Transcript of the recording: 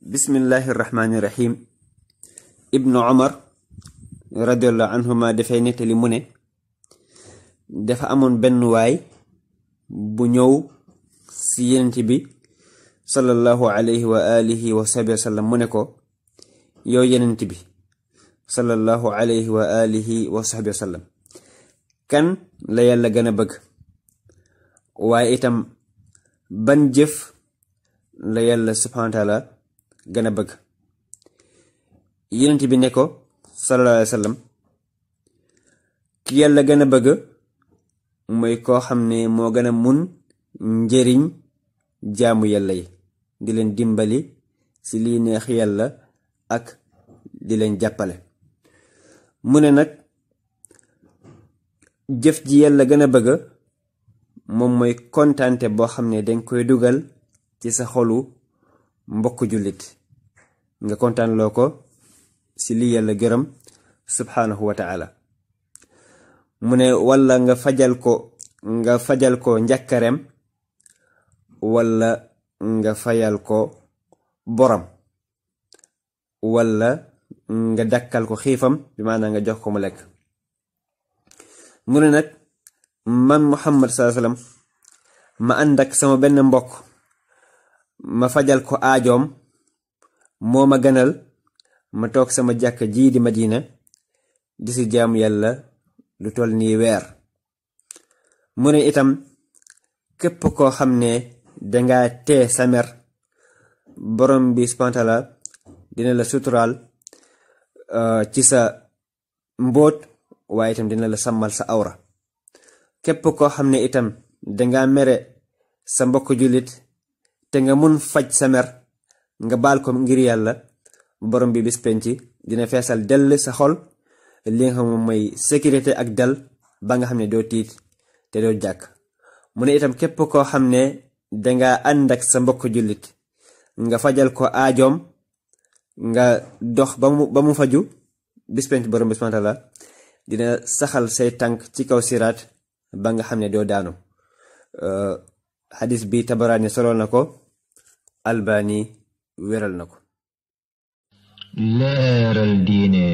bismillahi rahmaani rahim ibnu omar radiallahu anhuma dafay nettali mu ne dafa amoon benn waay bu ñëw si yenent bi sallallahu alayhi wa alihi wa sahbi wa sallam mu ne ko yow yenent bi sallallahu alayhi wa alihi wa sahbi wa sallam kan la yàlla gën a bëgg itam ban jëf la wa taala gën a bëgg yonent bi ne ko sallallahu alayhi wa sallam ki yàlla gën a bëgg mooy koo xam ne moo gën a mun njëriñ jaamu yàlla yi di leen dimbali ci liy neex yàlla ak di leen jàppale mu ne nag jëf ji yàlla gën a bëgg moom mooy kontaante boo xam ne dañ koy dugal ci sa xolu mbokk jullit nga kontaan ko si li la gërëm subhaanahu wa taala mu ne walla nga fajal ko nga fajal ko njàkkareem walla nga fayal ko borom walla nga dakkal ko xiifam bi maanaam nga jox ko mu lekk mu ne nag man muhammad salaa ma ànd sama benn mbokk ma fajal ko aajom moo ma gënal ma toog sama jàkk jii di Madina di si jaamu yàlla lu toll nii weer mu itam képp koo xam ne danga tee samer mer borom bi subhaanahu dina la suturaal euh, ci sa mbóot waaye tam dina la sàmmal sa awra képp koo xam itam danga mere sa mbokk jullit te nga mun faj sa nga baal ko ngir yàlla borom bi bis dina feesal dell sa xol li nga may moom mooy sécurité ak dal ba nga xam ne doo tiit te doo jàkk mu ne itam képp koo xam ne danga ànd ak sa mbokk jullit nga fajal ko aajom nga dox ba mu mu faju bispenc penc borom bi dina saxal say tànk ci kaw siraat ba nga xam ne doo daanu xadis bi tabaraani soloon na ko Albani wéral na ko leeral diine